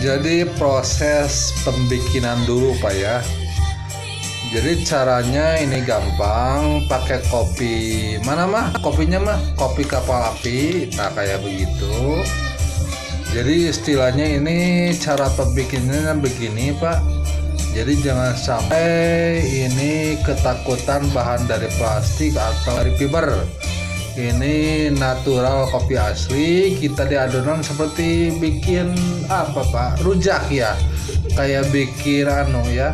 Jadi proses pembikinan dulu Pak ya. Jadi caranya ini gampang, pakai kopi. Mana mah? Kopinya mah kopi kapal api. Nah, kayak begitu. Jadi istilahnya ini cara pembikinannya begini, Pak. Jadi jangan sampai ini ketakutan bahan dari plastik atau dari fiber ini natural kopi asli kita di adonan seperti bikin apa pak rujak ya kayak bikin anu ya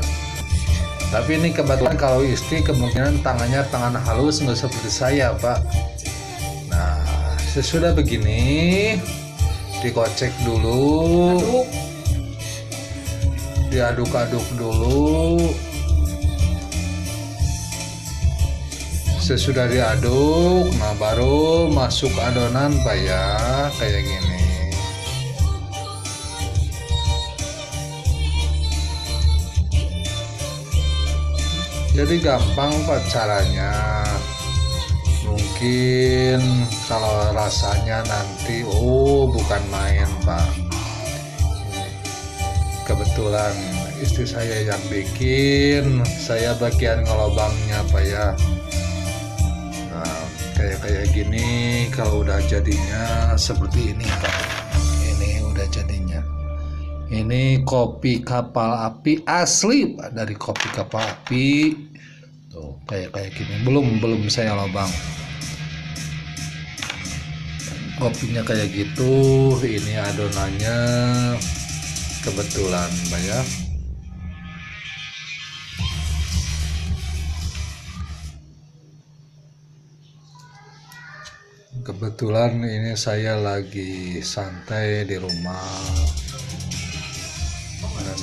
tapi ini kebetulan kalau istri kemungkinan tangannya tangan halus nggak seperti saya pak nah sesudah begini dikocek dulu diaduk-aduk dulu sesudah diaduk nah baru masuk adonan pak ya kayak gini jadi gampang pak caranya mungkin kalau rasanya nanti oh bukan main pak kebetulan istri saya yang bikin saya bagian ngelobangnya pak ya kayak kayak gini kalau udah jadinya seperti ini ini udah jadinya ini kopi kapal api asli Pak dari kopi kapal api tuh kayak kayak gini belum belum saya lobang kopinya kayak gitu ini adonannya kebetulan banyak ya. kebetulan ini saya lagi santai di rumah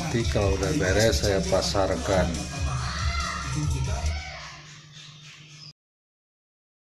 nanti kalau udah beres saya pasarkan